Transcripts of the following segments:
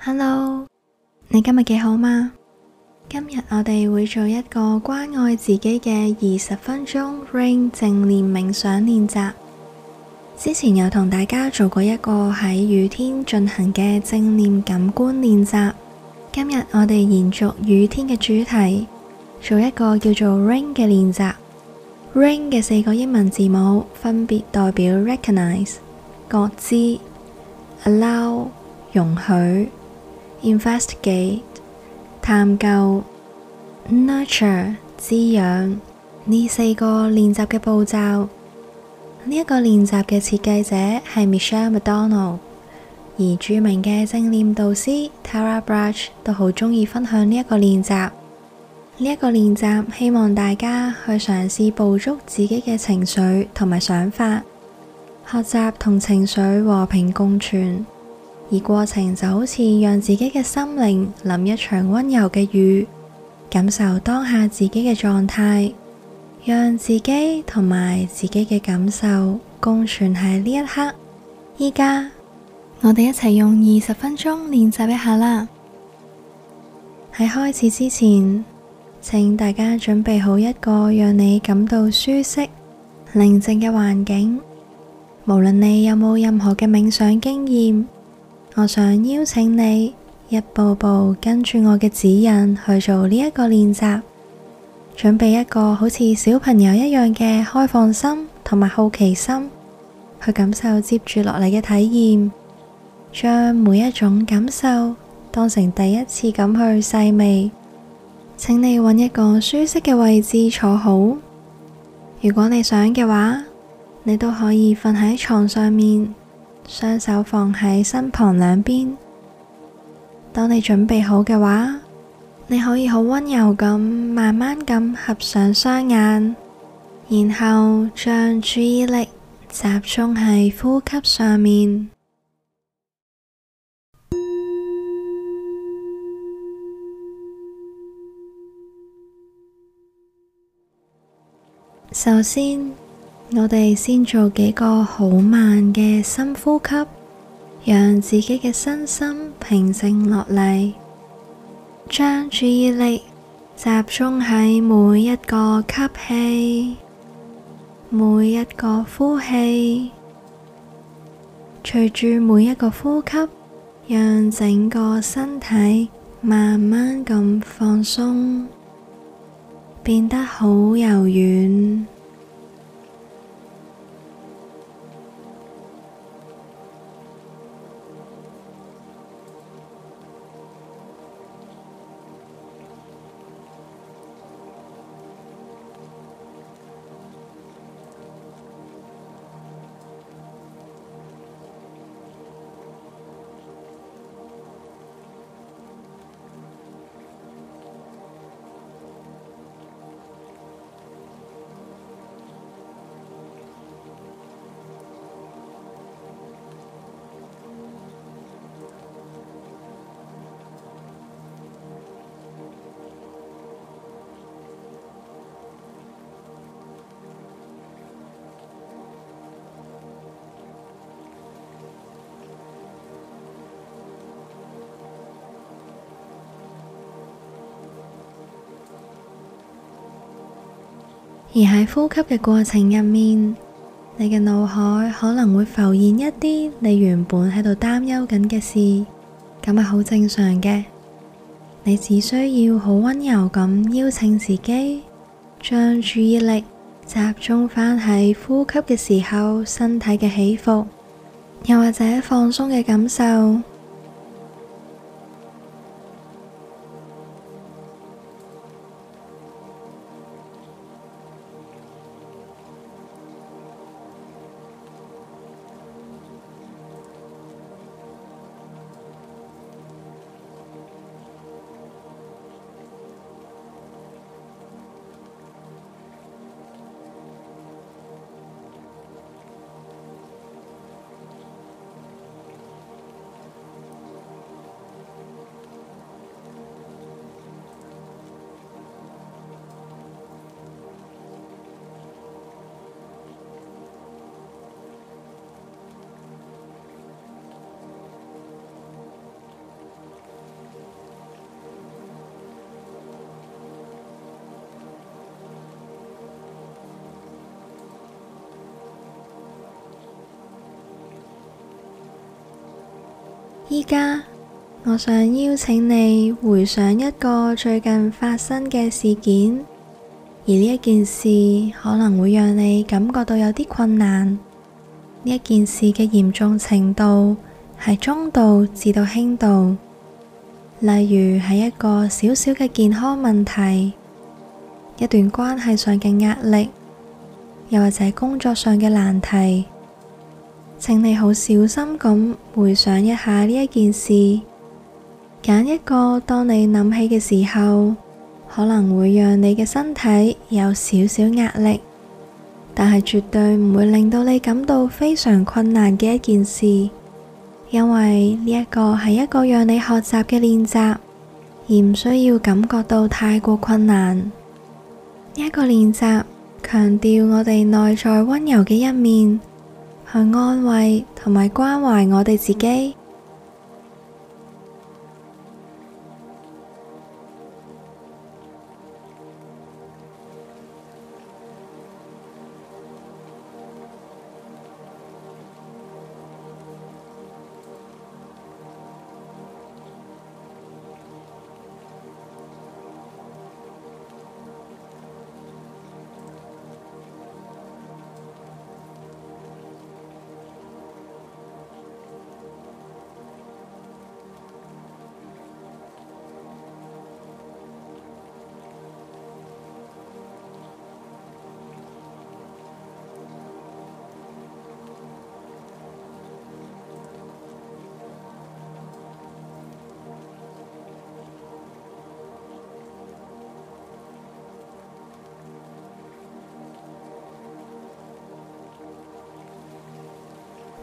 Hello，你今日幾好嘛？今日我哋會做一個關愛自己嘅二十分鐘 rain 正念冥想練習。之前有同大家做過一個喺雨天進行嘅正念感官練習。今日我哋延續雨天嘅主題，做一個叫做 rain 嘅練習。rain 嘅四個英文字母分別代表 recognize 覺知、allow 容許。Investigate 探究，Nurture 滋養呢四個練習嘅步驟。呢、這、一個練習嘅設計者係 Michele McDonald，而著名嘅正念導師 Tara Brach 都好鍾意分享呢一個練習。呢、這、一個練習希望大家去嘗試捕捉自己嘅情緒同埋想法，學習同情緒和平共存。而過程就好似讓自己嘅心靈淋一場溫柔嘅雨，感受當下自己嘅狀態，讓自己同埋自己嘅感受共存喺呢一刻。而家，我哋一齊用二十分鐘練習一下啦。喺開始之前，請大家準備好一個讓你感到舒適、寧靜嘅環境，無論你有冇任何嘅冥想經驗。我想邀請你一步步跟住我嘅指引去做呢一個練習，準備一個好似小朋友一樣嘅開放心同埋好奇心，去感受接住落嚟嘅體驗，將每一種感受當成第一次咁去細味。請你揾一個舒適嘅位置坐好，如果你想嘅話，你都可以瞓喺床上面。雙手放喺身旁兩邊。當你準備好嘅話，你可以好溫柔咁慢慢咁合上雙眼，然後將注意力集中喺呼吸上面。首先，我哋先做幾個好慢嘅深呼吸，讓自己嘅身心平靜落嚟，將注意力集中喺每一個吸氣、每一個呼氣。隨住每一個呼吸，讓整個身體慢慢咁放鬆，變得好柔軟。而喺呼吸嘅過程入面，你嘅腦海可能會浮現一啲你原本喺度擔憂緊嘅事，咁係好正常嘅。你只需要好溫柔咁邀請自己，將注意力集中翻喺呼吸嘅時候，身體嘅起伏，又或者放鬆嘅感受。而家，我想邀請你回想一個最近發生嘅事件，而呢一件事可能會讓你感覺到有啲困難。呢一件事嘅嚴重程度係中度至到輕度，例如係一個小小嘅健康問題、一段關係上嘅壓力，又或者係工作上嘅難題。請你好小心咁回想一下呢一件事，揀一個當你諗起嘅時候，可能會讓你嘅身體有少少壓力，但係絕對唔會令到你感到非常困難嘅一件事，因為呢一個係一個讓你學習嘅練習，而唔需要感覺到太過困難。呢一個練習強調我哋內在溫柔嘅一面，去安慰同埋關懷我哋自己。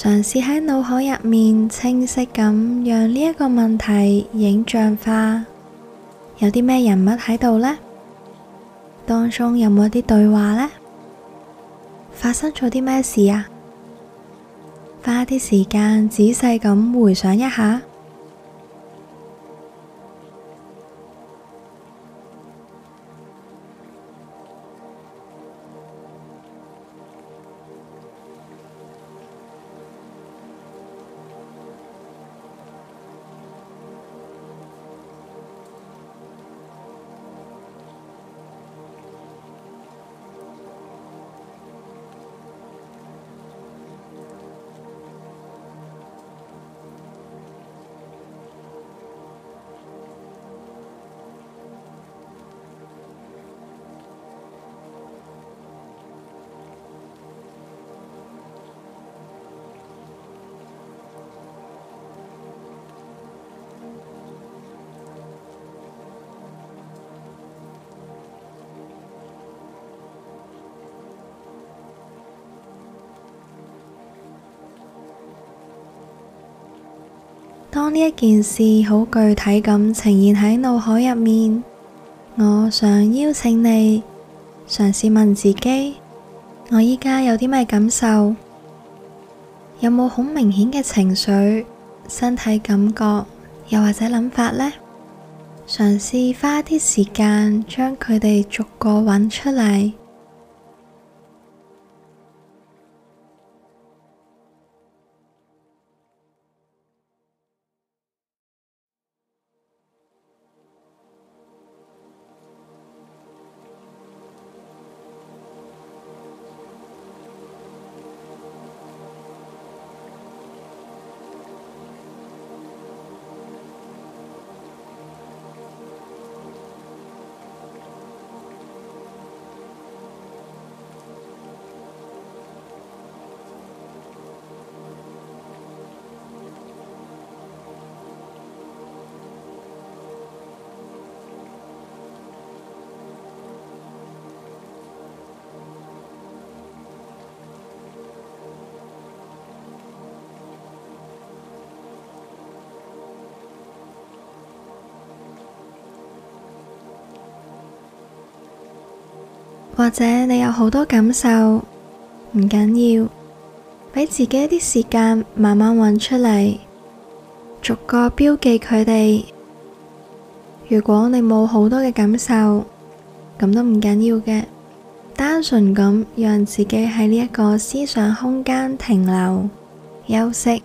嘗試喺腦海入面清晰咁，讓呢一個問題影像化，有啲咩人物喺度呢？當中有冇一啲對話呢？發生咗啲咩事啊？花啲時間仔細咁回想一下。當呢一件事好具體咁呈現喺腦海入面，我想邀請你嘗試問自己：我而家有啲咩感受？有冇好明顯嘅情緒、身體感覺，又或者諗法呢？嘗試」嘗試花啲時間將佢哋逐個揾出嚟。或者你有好多感受，唔緊要，畀自己一啲時間慢慢揾出嚟，逐個標記佢哋。如果你冇好多嘅感受，咁都唔緊要嘅，單純咁讓自己喺呢一個思想空間停留休息。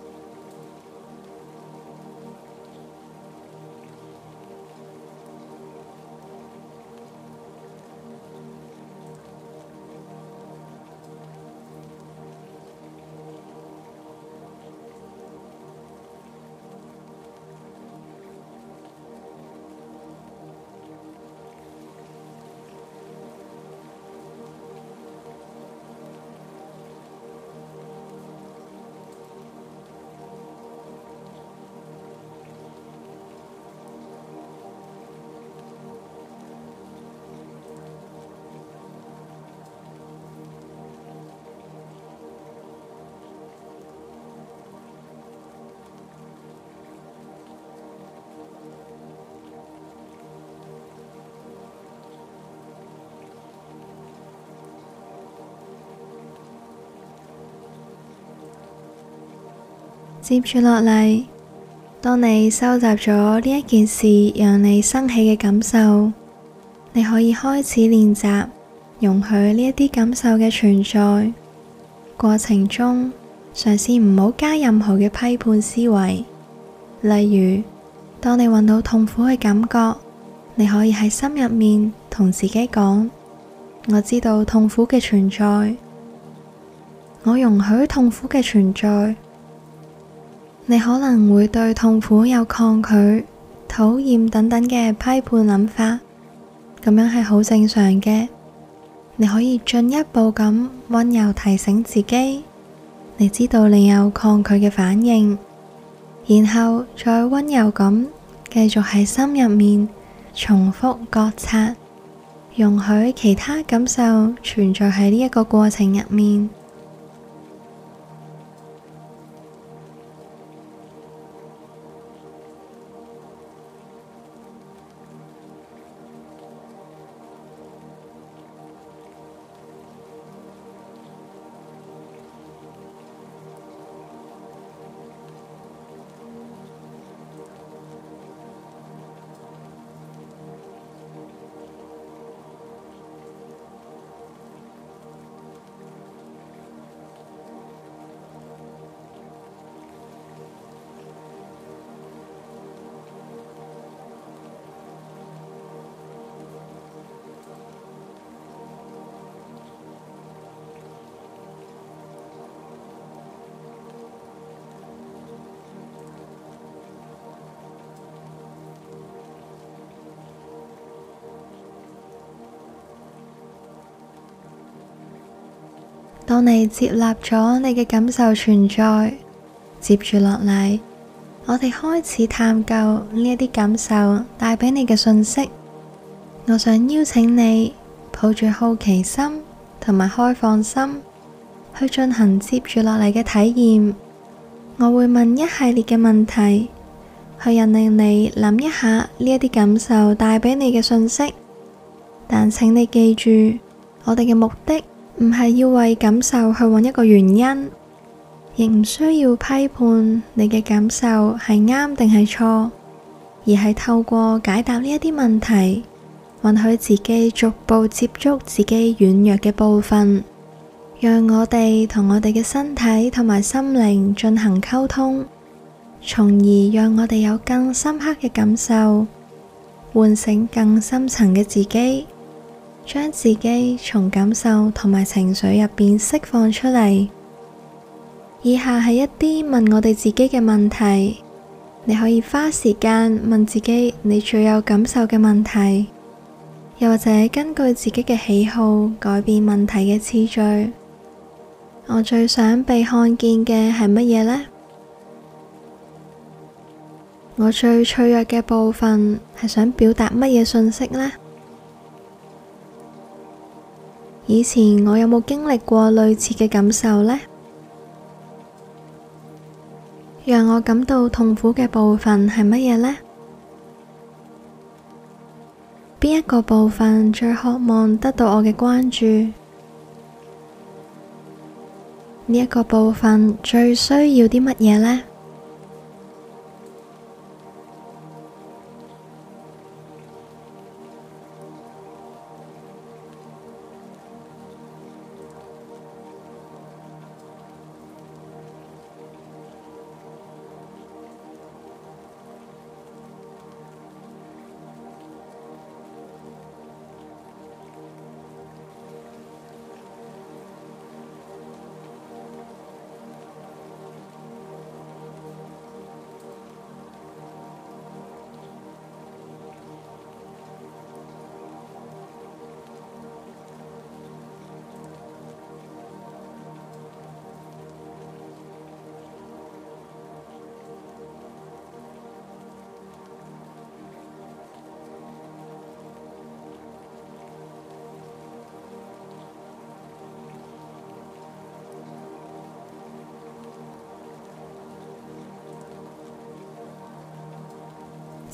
接住落嚟，當你收集咗呢一件事讓你生起嘅感受，你可以開始練習容許呢一啲感受嘅存在。過程中，嘗試唔好加任何嘅批判思維。例如，當你搵到痛苦嘅感覺，你可以喺心入面同自己講：我知道痛苦嘅存在，我容許痛苦嘅存在。你可能會對痛苦有抗拒、討厭等等嘅批判諗法，咁樣係好正常嘅。你可以進一步咁温柔提醒自己，你知道你有抗拒嘅反應，然後再温柔咁繼續喺心入面重複覺察，容許其他感受存在喺呢一個過程入面。當你接納咗你嘅感受存在，接住落嚟，我哋開始探究呢一啲感受帶俾你嘅訊息。我想邀請你抱住好奇心同埋開放心去進行接住落嚟嘅體驗。我會問一系列嘅問題，去引領你諗一下呢一啲感受帶俾你嘅訊息。但請你記住，我哋嘅目的。唔係要為感受去揾一個原因，亦唔需要批判你嘅感受係啱定係錯，而係透過解答呢一啲問題，允許自己逐步接觸自己軟弱嘅部分，讓我哋同我哋嘅身體同埋心靈進行溝通，從而讓我哋有更深刻嘅感受，喚醒更深層嘅自己。將自己從感受同埋情緒入面釋放出嚟。以下係一啲問我哋自己嘅問題，你可以花時間問自己你最有感受嘅問題，又或者根據自己嘅喜好改變問題嘅次序。我最想被看見嘅係乜嘢呢？我最脆弱嘅部分係想表達乜嘢信息呢？以前我有冇經歷過類似嘅感受呢？讓我感到痛苦嘅部分係乜嘢呢？邊一個部分最渴望得到我嘅關注？呢一個部分最需要啲乜嘢呢？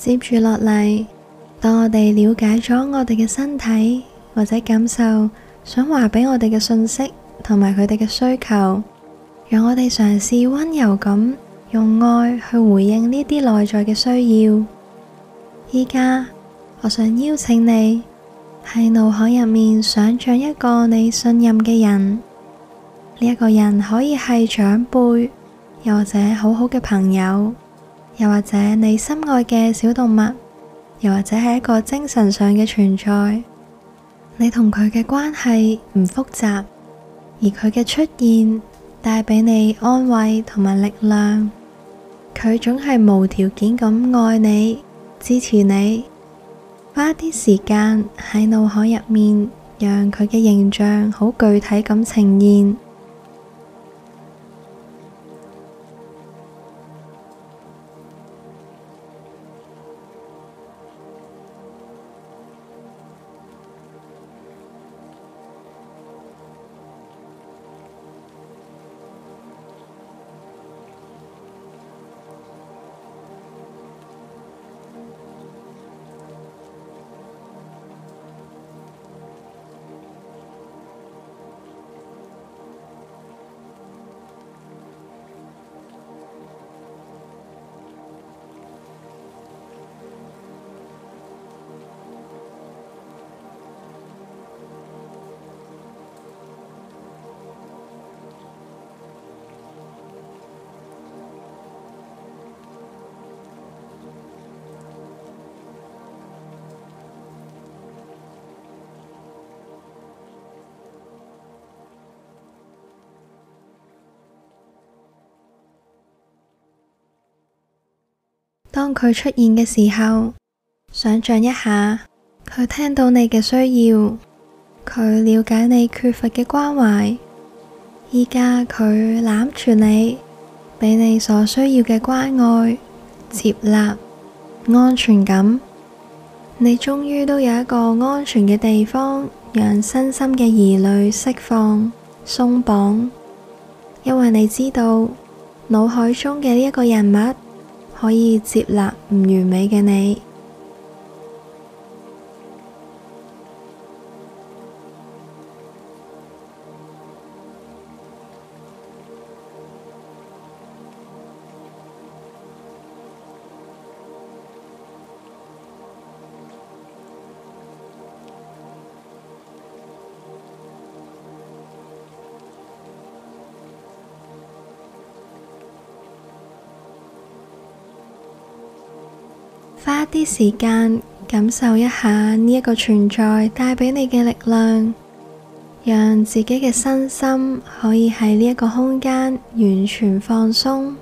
接住落嚟，當我哋了解咗我哋嘅身體或者感受，想話畀我哋嘅信息同埋佢哋嘅需求，讓我哋嘗試溫柔咁用愛去回應呢啲內在嘅需要。依家，我想邀請你喺腦海入面想象一個你信任嘅人，呢、這、一個人可以係長輩，又或者好好嘅朋友。又或者你心愛嘅小動物，又或者係一個精神上嘅存在，你同佢嘅關係唔複雜，而佢嘅出現帶畀你安慰同埋力量，佢總係無條件咁愛你，支持你，花啲時間喺腦海入面，讓佢嘅形象好具體咁呈現。當佢出現嘅時候，想象一下，佢聽到你嘅需要，佢了解你缺乏嘅關懷，而家佢攬住你，俾你所需要嘅關愛、接納、安全感，你終於都有一個安全嘅地方，讓身心嘅疑慮釋放、鬆綁，因為你知道，腦海中嘅呢一個人物。可以接納唔完美嘅你。花啲時間感受一下呢一個存在帶畀你嘅力量，讓自己嘅身心可以喺呢一個空間完全放鬆。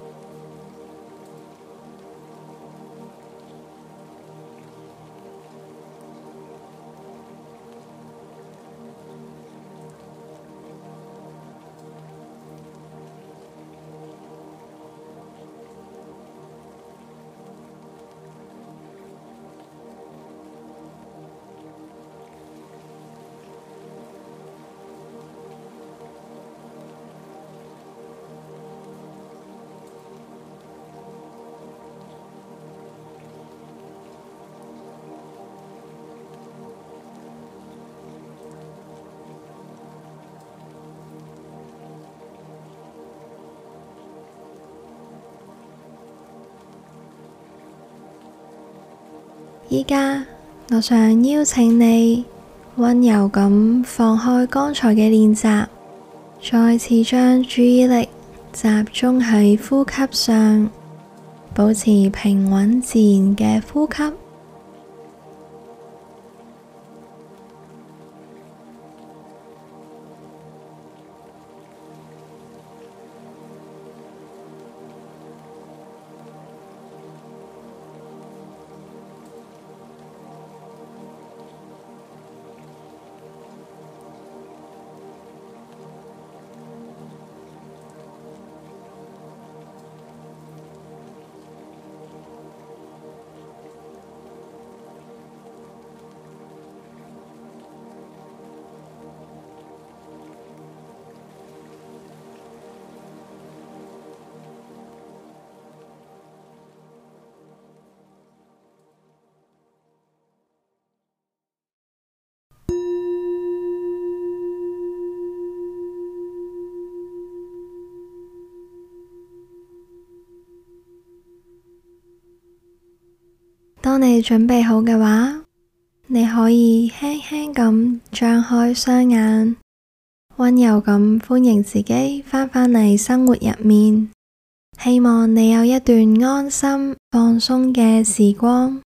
而家，我想邀請你温柔咁放開剛才嘅練習，再次將注意力集中喺呼吸上，保持平穩自然嘅呼吸。當你準備好嘅話，你可以輕輕咁張開雙眼，溫柔咁歡迎自己返返嚟生活入面。希望你有一段安心、放鬆嘅時光。